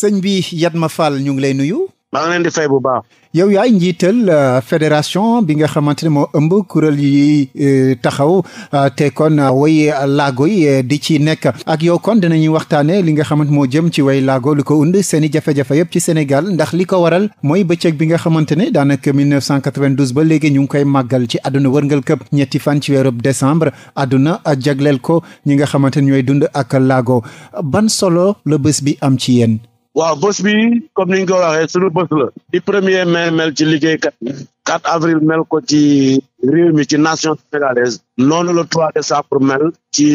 sëñ bi ma Fall ñu ngi lay nuyu. maa bu baax. yow yaay njiital euh, fédération bi nga xamante ne moo ëmb kuréel yi euh, taxaw euh, te kon way laago yi di ci nekk ak yow kon dinañuy waxtaanee li nga xamante moo jëm ci way laago li ko und seeni i jafe-jafe yëpp ci Sénégal ndax li ko waral mooy bëccëg bi nga xamante ne daanaka 1992 ba léegi ñu ngi koy màggal ci àdduna wërngal këpp ñetti fan ci weerub décembre àdduna jagleel ko ñi nga xamante ne ñooy dund ak laago ban solo la bés bi am ci yéen. waaw bés bi comme ni nga ko waxee suñu bés la di premier mais mel ci liggéeykat yi 4 avril mel ko ci réew mi ci nation sénégalaise noonu la 3 décembre mel ci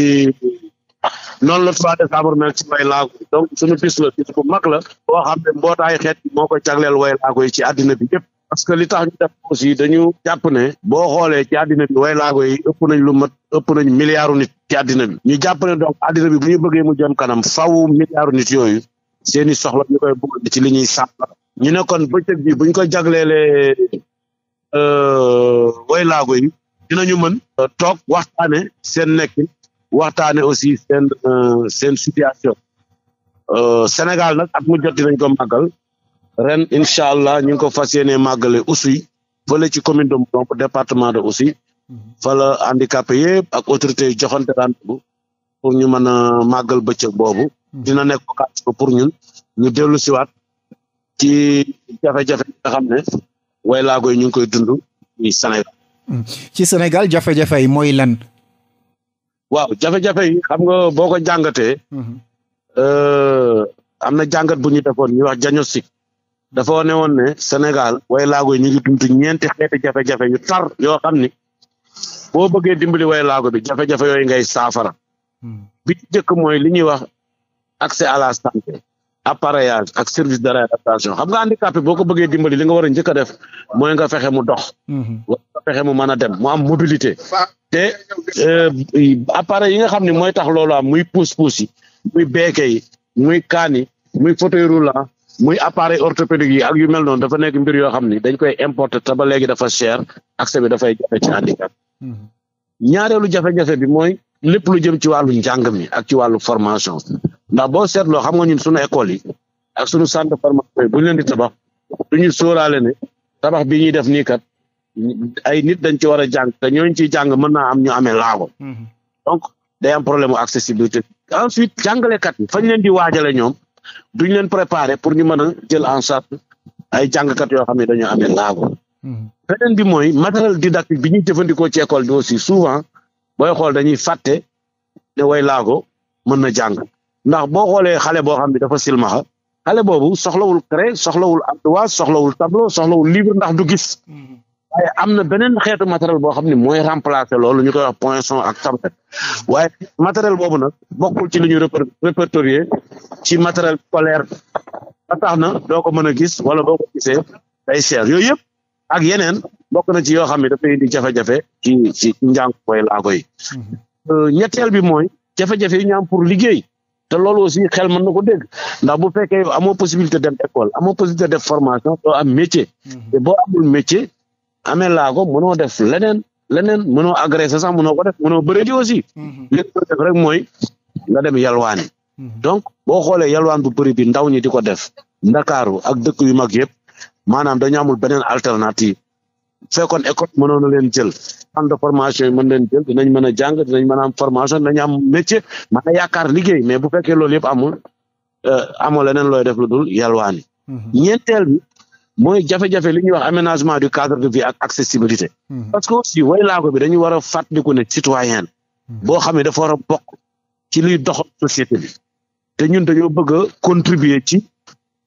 noonu la 3 décembre mel ci way laago donc suñu bis la bis mag la boo xam ne mbootaay xeet bi moo koy jagleel way laago yi ci àddina bi yëpp parce que li tax ñu aussi dañu jàpp ne boo xoolee ci àddina bi way laago yi ëpp nañ lu mat ëpp nañ milliardu nit ci àddina bi ñu jàpp donc àddina bi bu ñu bëggee mu jëm kanam faw milliardu nit yooyu seeni soxla ñu koy boole ci li ñuy sàmba ñu ne kon bëccëg bi buñ koy jagleelee euh, way laago yi dinañu mën euh, toog waxtaane seen nekkin waxtaane aussi seen euh, seen situation Sénégal nag at mu jot dinañ ko màggal ren incha allah ñu ngi ko fas yéenee màggale Oussouye fële ci commune de Mbour département de Oussouye fa la yëpp ak autorité yi joxante rendez-vous pour ñu mën a màggal bëccëg boobu dina nekk occasion pour ñun ñu dellu siwaat ci jafe-jafe nga xam ne way laago yi ñu ngi koy dund ci Sénégal hmm. ci Sénégal jafe-jafe yi mooy lan waaw jafe-jafe yi xam nga boo ko jàngatee hmm. euh, am na jàngat bu ñu defoon ñuy wax diagnostic dafa wone woon ne Sénégal way laago yi ñu ngi dund ñeenti xeeti jafe-jafe yu tar yoo xam ni boo bëggee dimbali way laago bi jafe-jafe yooyu ngay saafara hmm. bi njëkk mooy li wax accès à la santé appareillage ak service de réadaptation xam nga handicapé boo ko bëggee dimbali li nga war a njëkk def mooy nga fexe mu dox mhm. wala nga fexe mu mën a dem mu am mobilité te euh, appareil yi nga xam ne mooy tax loolu am muy pousse-pousse yi muy beeke muy kaan yi muy fauteuil roulant muy appareil orthopédique yi ak yu mel noonu dafa nekk mbir yoo xam ni dañ koy importer te ba dafa cher accès bi dafay jafe ci handicap mhm. ñaareelu jafe-jafe bi mooy lépp lu jëm ci wàllu njàng mi ak ci wàllu formation ndax boo seetloo xam nga ñun suñu école yi ak suñu centre de formation yi bu leen di tabax du ñu sóoraale ne tabax bi ñuy def nii kat ay nit dañ ci war a jàng te ñooñu ciy jàng mën naa am ñu amee laago mhm. donc day am problème accessibilité ensuite jàngalekat yi fañ leen di waajale ñoom du ñu leen préparer pour ñu mën a jël en charge ay jàngkat yoo xam ne dañoo amee laago mhm. beneen bi mooy matériel didactique bi ñuy jëfandikoo ci école bi aussi souvent booy xool dañuy fàtte ne way laago mën na jàng ndax boo xoolee xale boo xam ne dafa silmaxa xale boobu soxlawul craie soxlawul ardoise soxlawul tableau soxlawul livre ndax du gis mm-hmm. waaye am na beneen xeetu matériel boo xam ne mooy remplacer lu ñu koy wax poinçon ak tablette waaye matériel boobu nag bokkul ci lu ñu répertorier ci matériel scolaire ba tax na doo ko mën a gis wala boo ko gisee day cher yooyu yëpp ak yeneen bokk na ci yoo xam ne dafay indi jafe-jafe ci ci njàng koy laago yi mm-hmm. euh, bi mooy jafe-jafe am pour liggéey te loolu aussi xel mën na ko dégg ndax bu fekkee yow amoo possibilité dem école amoo possibilité def formation doo am mhm. boo amul métier amee laa ko mënoo def leneen leneen mënoo agressé sax mënoo ko def mënoo bëri ji aussi mhm. li def rek mooy nga dem yalwaani mhm. donc boo xoolee yalwaan bu bëri bi ndaw ñi di ko def ndakaaru ak dëkk yu mag yëpp maanaam dañu amul beneen alternative fekkoon école mënoon na leen jël centre de formation yi mën leen jël dinañ mën a jàng dinañ mën am formation dinañ am métier mën a yaakaar liggéey mais bu fekkee loolu yëpp amul euh, amoo leneen looy def lu dul yalwaani mhm. ñeenteel bi mooy jafe-jafe li ñuy wax aménagement du cadre de vie ak accessibilité mhm. parce que aussi way laa bi dañu war a fàttaliku ne citoyen mhm. boo xam ne dafa war a bokk ci liy doxal société bi te ñun dañoo bëgg a contribuer ci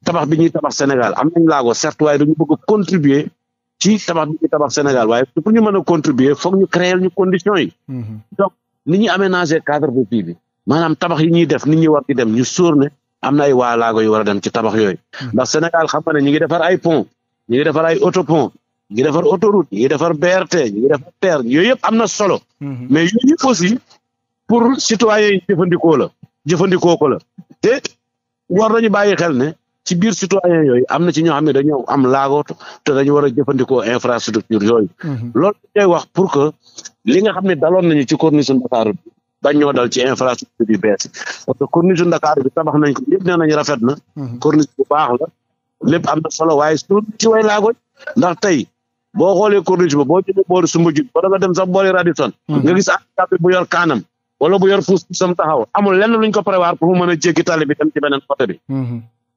tabax bi ñuy tabax Sénégal am nañ laago certes waaye dañu bëgg a contribuer ci tabax bi ci tabax Sénégal waaye pour ñu mën a contribuer foog ñu créer ñu conditions yi. Mhm. donc ni ñuy aménager cadre bu vie bi maanaam tabax yi ñuy def ni ñi war dem ñu soor ne am na ay waalaago yu war a dem ci tabax yooyu. Mhm. ndax Sénégal xam nga ne ñu ngi defar ay pon ñu defar ay autopont ñu defar autoroute ñu defar BRT ñu defar TER yooyu yëpp am na solo. Mhm. mais yooyu yëpp aussi pour citoyens yi jëfandikoo la jëfandikoo ko la te war nañu bàyyi xel ne. ci biir citoyen yooyu am na ci ñoo xam ne dañoo am laagootu te dañu war a jëfandikoo infrastructure yooyu. Mhm. loolu ñooy wax pour que li nga xam ne daloon nañu ci corniche Ndakaaru bi bañ ñoo dal ci infrastructure yu bees parce que corniche Ndakaaru bi tabax nañ ko yëpp nee nañ rafet na. Mhm. corniche bu baax la lépp am na solo waaye surtout ci way laagooñ ndax tey boo xoolee corniche ba boo jëlee boori Soumbédioune ba nga dem sax boori Radisson. Mhm. nga gis handicap bi bu kaanam. wala bu yor fuus sam taxaw lenn luñ ko prévoir pour mu mën a jéggi tali bi dem beneen côté bi.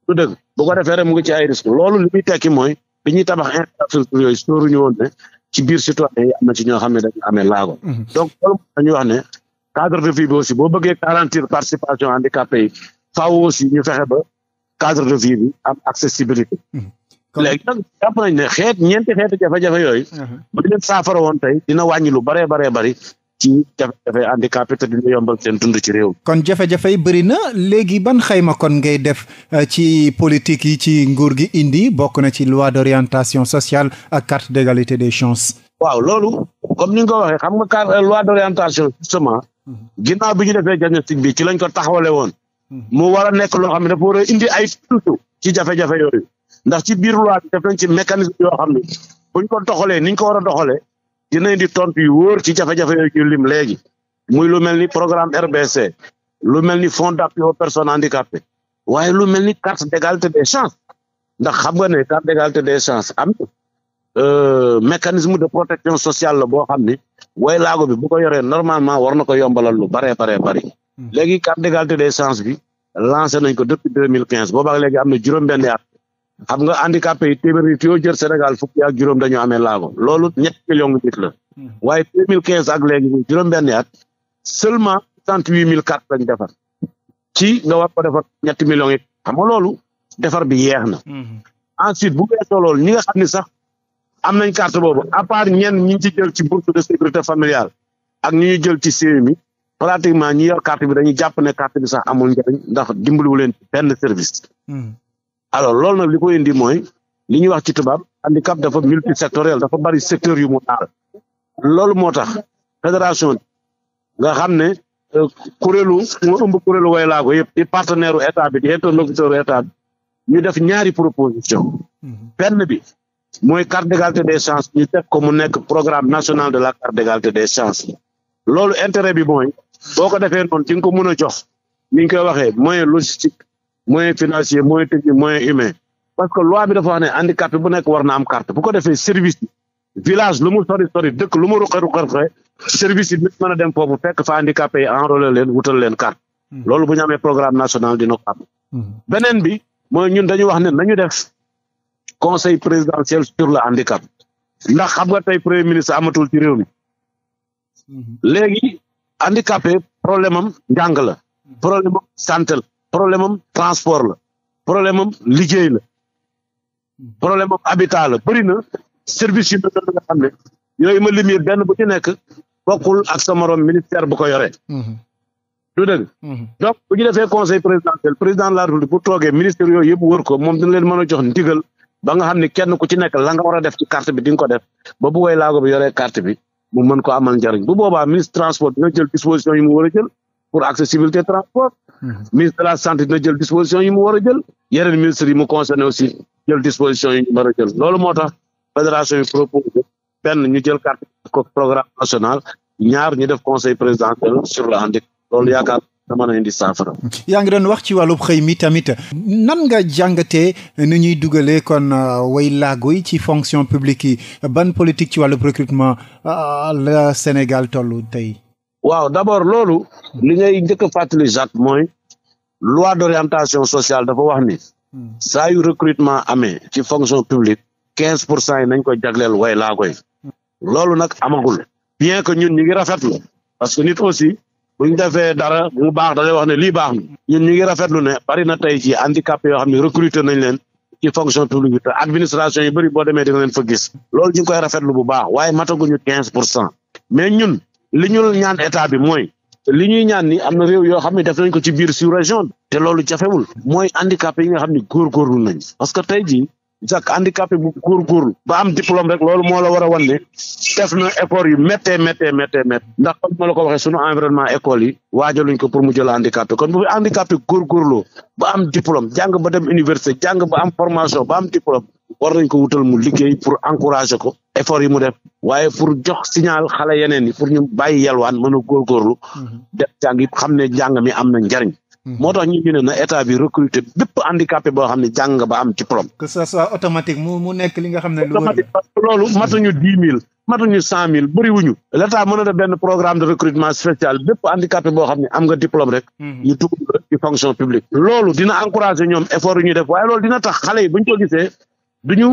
du dëgg bu ko defee rek mu ngi ci ay risque loolu li muy tekki mooy bi ñuy tabax infrastructure yooyu sóoruñu woon ne ci biir citoyen yi am ci ñoo xam ne dañu amee laago mhm. donc loolu dañuy wax ne cadre de vie aussi boo bëggee garantir participation handicapé yi faaw aussi ñu fexe ba cadre de vie bi am accessibilité mhm. léegi nag jàpp nañ ne xeet ñeenti xeetu jafe-jafe yooyu mhm. bu saafara woon tey dina wàññi lu baree baree bari ci jafe-jafe handicapé te ci réew kon jafe-jafe yi bëri na léegi ban xayma kon ngay def euh, ci politique yi ci nguur gi indi bokk na ci loi d'orientation sociale ak carte d'égalité des chances waaw loolu comme ni nga ko waxee xam nga carte euh, loi d'orientation justement mhm. ginnaaw bi ñu defee diagnostic bi ci lañ ko taxawale woon mhm. mu war a nekk loo xam ne dafa war indi ay tontu ci jafe-jafe yooyu ndax ci biir loi def nañ ci mécanisme yoo xam ne bu ko doxalee ni ñu ko war a doxalee dina indi tontu yu wóor ci jafe-jafe yooyu ñu lim léegi muy lu mel ni programme RBC lu mel ni fonds d'appui aux personnes handicapées waaye lu mel ni carte d'égalité des chances ndax xam nga ne carte d'égalité des chances am euh, mécanisme de protection sociale la boo xam ni way laago bi bu ko yoree normalement war na ko yombalal lu baree baree bari hmm. léegi carte d'égalité des chances bi lancé nañ ko depuis deux mille quinze boobaak léegi am na juróom-benn at xam nga handicapé yi téeméeri yoo jël Sénégal fukki ak juróom dañoo amee laago loolu ñetti million nit la hmm. waaye deux mille quinze ak léegi juróom-benni at seulement soixante huit mille cartes lañ defar ci nga war ko defar ñetti millions yi xam nga loolu defar bi yeex na hmm. ensuite bu weesoo loolu ñi nga xam ni sax am nañ carte boobu à part ñenn ñi ci jël ci bourse de sécurité familiale ak ñu ñu jël ci CMI pratiquement ñi yor carte bi dañuy jàpp ne carte bi sax amul njëriñ ndax dimbaliwu leen benn service hmm. alors loolu nag li ko indi mooy li ñuy wax ci tubaab handicap dafa multisectoriel dafa bari secteur yu mu taal loolu moo tax fédération nga xam ne euh, kuréelu mu ëmb kuréelu way laago yëpp di partenaire état bi di interlocuteur état bi ñu def ñaari proposition mhm. benn bi mooy carte d'égalité des chances ñu def ko mu nekk programme national de la carte d'égalité des chances loolu intérêt bi mooy boo ko defee noonu di nga ko mën a jox ni ñu koy waxee moyen moyen financier moyen technique moyen humain parce que loi bi dafa wax ne handicapé bu nekk war am carte bu ko defee service village lu mu sori sori dëkk lu mu ruqe ruqe service yi mën a dem foofu fekk fa handicapé yi enrôler leen wutal leen carte hmm. loolu bu ñu amee programme national dina ko am hmm. beneen bi mooy ñun dañu wax ne nañu def conseil présidentiel sur le handicap ndax xam nga tey premier ministre amatul ci réew mi hmm. léegi handicapé problème am njàng la problème problème am transport la problème am liggéey la problème am habitat la bëri na service yu mel nga xam ne ma lim benn bu ci nekk bokkul ak sa morom ministère bu ko yoree. Mhm. du dëgg. Mhm. donc bu ñu defee conseil présidentiel président de la république bu toogee ministère yooyu yëpp wër ko moom dina leen mën a jox ndigal ku ci nekk la nga war a def ci carte bi di nga ko def ba bu way laago bi yoree bi mu mën ko amal bu boobaa ministre transport dina jël disposition yi mu war pour accessibilité transport. Mhm. ministre a la santé dina jël disposition yi mu war a jël. yeneen ministres yi mu concerné aussi jël disposition yi mu war a jël loolu moo tax fédération yi proposé benn ñu jël carte programme national ñaar ñu def conseil présidentiel sur le handicap loolu yaakaar na mën a indi saafara. yaa ngi doon wax ci wàllub xëy mi tamit nan nga jàngatee ni ñuy dugalee kon euh, way laago yi ci fonction publique yi ban politique ci wàllub recrutement euh, la waaw d'abord loolu li ngay njëkk a fàttali Jacques mooy loi d'orientation sociale dafa wax ni hmm. saa yu recrutement amee ci fonction publique quinze pour cent yi nañ ko jagleel way laa koy hmm. loolu nag amagul bien que ñun ñu ngi rafetlu parce que nit aussi buñ defee dara mu baax dalay wax ne lii baax ñun ñu ngi rafetlu ne bari na tey ci handicapé yoo xam ne recruter nañ leen ci fonction publique te administration yu bëri boo demee di nga leen fa gis loolu ñu ngi koy rafetlu bu baax waaye mataguñu quinze pour cent mais ñun li ñu ñaan état bi mooy li ñuy ñaan ni am na réew yoo xam ne def nañ ko ci biir sous-région bi te loolu jafewul mooy handicapé yi nga xam ne góorgóorlu nañ parce que tey jii jàk handicapé bu góorgóorlu ba am diplôme rek loolu moo la war a wan ne def na effort yu méttee méttee méttee ndax comme ma la ko waxee sunu environnement école yi waajaluñ ko pour mu jël handicapé kon bu fi handicapé góorgóorloo ba am diplôme jàng ba dem université jàng ba am formation ba am diplôme war nañ ko wutal mu liggéey pour encourager ko effort yi mu def waaye pour jox signal xale yeneen pour ñu bàyyi yalwaan mën a góorgóorlu mhm. def jàng yi xam ne jàng mi am na njariñ mhm. moo tax ñu état bi recruter bépp handicapé boo xam ne jàng ba am diplôme. que ça soit li nga xam ne. lu automatique parce que loolu matuñu dix mille matuñu cent mille bëriwuñu. l' état def benn programme de recrutement spécial bépp handicapé boo xam ne am nga diplôme rek. Mhm. ñu dugg fonction publique. loolu dina encourager ñoom effort du duñu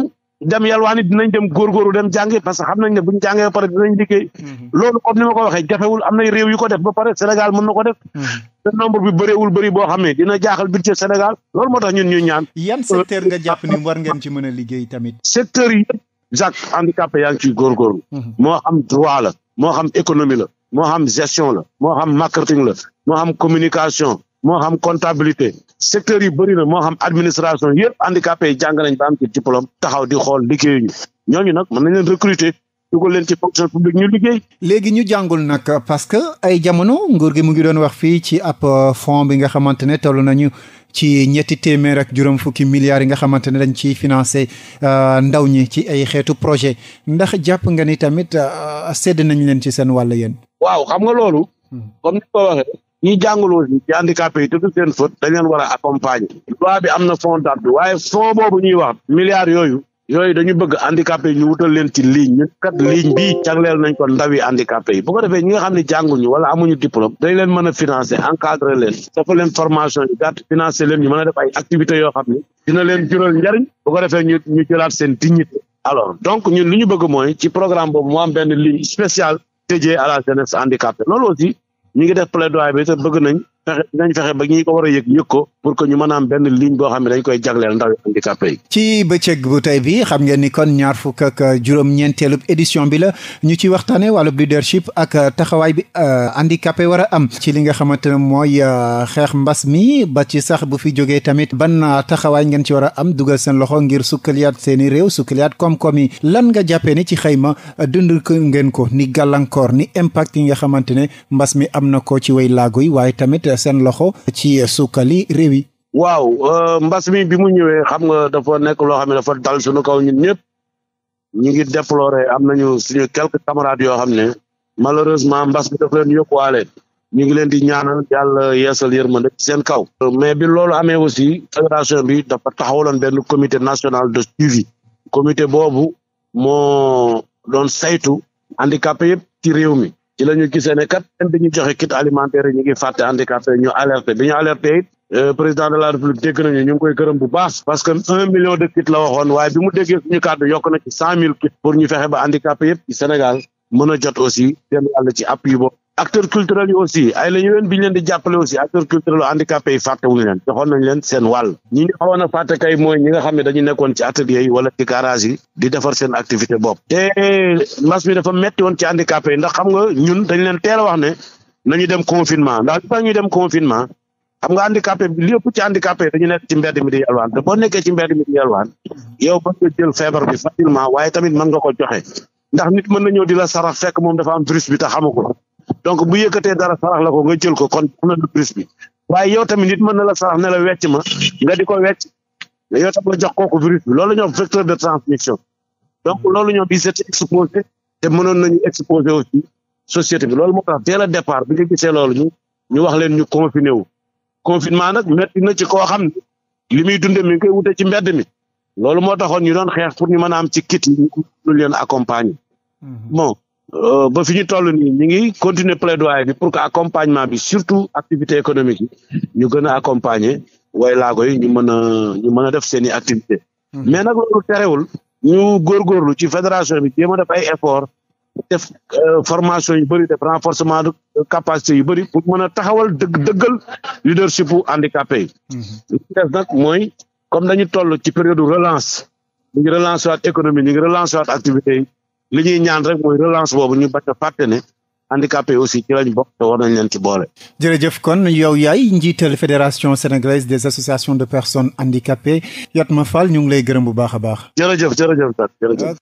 dem yalwaani dinañ dem góorgóorlu dem jàngi parce que xam nañ ne buñ jàngee ba pare dinañ liggéey mhm. loolu comme ni ma ko waxee jafewul am nay réew yu ko def ba pare Sénégal mën na ko def mhm. te nombre bi bëreewul bëri boo xam ne dina jaaxal budget Sénégal loolu moo tax ñun ñuy ñaan yan secteur nga jàpp ni war ngeen ci mën a liggéey tamit secteur yi yëpp Jacques handicapé yaa ci góor góorgóorlu mhm. moo xam droit la moo xam économie la moo xam gestion la moo xam marketing la moo xam communication moo xam comptabilité secteurs yi bëri moo xam administration yëpp handicapé yi jàng nañ ba am ci diplôme taxaw di xool liggéeyuñu ñooñu nag mën nañ leen recruter dugal léegi ñu jàngul nag parce que ay jamono nguur gi mu ngi doon wax fii ci ab fonds bi nga xamante ne toll nañu ci ñetti téeméer ak juróom fukki milliards yi nga xamante ne dañ ciy financé euh, ndaw ñi ci ay xeetu projet ndax jàpp nga ni tamit euh, sédd nañ leen ci seen wàll yéen. waaw xam nga loolu. Hmm. comme ni ko waxee ñi jàngul aussi ci handicapé yi te du seen faute dañ leen war a accompagner. loi bi am na fond d'appui waaye fond boobu ñuy wax milliards yooyu. yooyu dañu bëgg handicapé yi ñu wutal leen ci ligne ñu kat ligne bii jagleel nañ ko ndawi handicapé yi bu ko defee ñi nga xam ne jànguñu wala amuñu diplôme dañ leen mën a financer encadrer leen dafa leen formation yi gàtt financer leen ñu mën a def ay activités yoo xam ne dina leen jural njariñ bu ko defee ñu ñu jëlaat seen dignité alors donc ñun li ñu bëgg mooy ci programme boobu mu am benn ligne spéciale dédiée à la jeunesse handicapée loolu ñu ngi def plaidoyer bi bëgg nañ fexe dinañ fexe ba ñi ko war a yëg yëg ko pour que ñu mën a am benn ligne boo xam ne dañ koy jagleel ndaw handicapé yi. ci bëccëg bu tey bi xam ngeen ni kon ñaar fukk ak juróom-ñeenteelu édition bi la ñu ci waxtaanee wàllub leadership ak taxawaay bi euh, handicapé war a am. ci li nga xamante ne mooy euh, xeex mbas mi ba ci sax bu fi jógee tamit ban euh, taxawaay ngeen ci war a am dugal seen loxo ngir sukkaliyaat seen i réew sukkaliyaat koom-koom yi lan nga jàppee ni ci xayma dund ngeen ko ni gàllankoor ni impact yi nga xamante ne mbas mi am na ko ci way laago waaye tamit seen loxo ci sukkali réew waaw euh, mbas mi bi mu ñëwee xam nga dafa nekk loo xam ne dafa dal suñu kaw ñun ñëpp ñu ngi déplorer am nañu suñu quelques camarades yoo xam ne malheureusement mbas mi dafa leen yóbbuwaale ñu ngi leen di ñaanal yàlla yeesal ma ci seen kaw. mais bi loolu amee aussi fédération bi dafa taxawaloon benn comité national de suivi comité boobu moo doon saytu handicapé yëpp ci réew mi ci la ñu gisee ne kat même bi ñu joxe kit alimentaire yi ñu ngi fàtte handicapé ñu alerte bi ñu alerté it euh, président de la république dégg ñu ngi koy gërëm bu baax parce que un million de kit la waxoon waaye bi mu ñu suñu kàddu yokk na ci cent mille kit pour ñu fexe ba handicapé yëpp ci Sénégal mën o jot aussi seen wàll ci appui boobu acteurs culturels yi aussi ay la ñu leen bi ñu leen di jàppale aussi acteurs culturels handicapés yi fàttewuñu leen joxoon nañ leen seen wàll ñi nga xam ne dañu nekkoon ci atelier yi wala ci garage yi di defar seen activité bopp te mbas mi dafa metti woon ci handicapés yi ndax xam nga ñun dañ leen teela a wax ne nañu dem confinement ndax li tax ñuy confinement xam nga handicapé bi li ëpp ci handicapé dañu nekk ci mbedd mi di yalwaan boo nekkee ci mbedd mi di yalwaan yow mën nga jël mën nga ko joxe ndax nit mën na ñëw di moom dafa am bi te xamu ko donc bu yëkkatee dara sarax la ko nga jël ko kon na du prise bi waaye yow tamit nit mën na la sarax ne la wecc ma nga di ko wecc yow nga jox ko virus bi loolu la ñuy wax vecteur de transmission donc loolu ñoom ils étaient exposés te mënoon nañu exposé aussi société bi loolu moo tax dès le départ bi nga gisee loolu ñu ñu wax leen ñu confiné wu confinement nag metti na ci koo xam ne li muy dunde mi koy wute ci mbedd mi loolu moo taxoon ñu doon xeex pour ñu mën a am ci ki yi leen accompagner mm-hmm. bon Euh, ba fi ñu toll nii ñu ngi continuer plaidoyer bi pour que accompagnement bi surtout activité économique yi ñu gën a accompagner way laago yi ñu mën a ñu mën a def seen i activité hmm. mais nag loolu terewul ñu góorgóorlu ci fédération bi jéem a def ay effort def euh, formation yu bëri def renforcement de capacité yu bëri pour mën a taxawal dëgg dëggal leadership bu handicapé yi hmm. li ci def mooy comme dañu toll ci période relance ñu ngi relance waat économie ñu ngi relance waat activité yi li ñuy ñaan rek mooy relance boobu ñu bañ a fàtte ne handicapé aussi ci lañ bokk te war nañ leen ci boole. jërëjëf kon yow yaay njiital fédération sénégalaise des associations de personnes handicapées ma fal ñu ngi lay gërëm bu baax a baax. jërëjëf jërëjëf jërëjëf.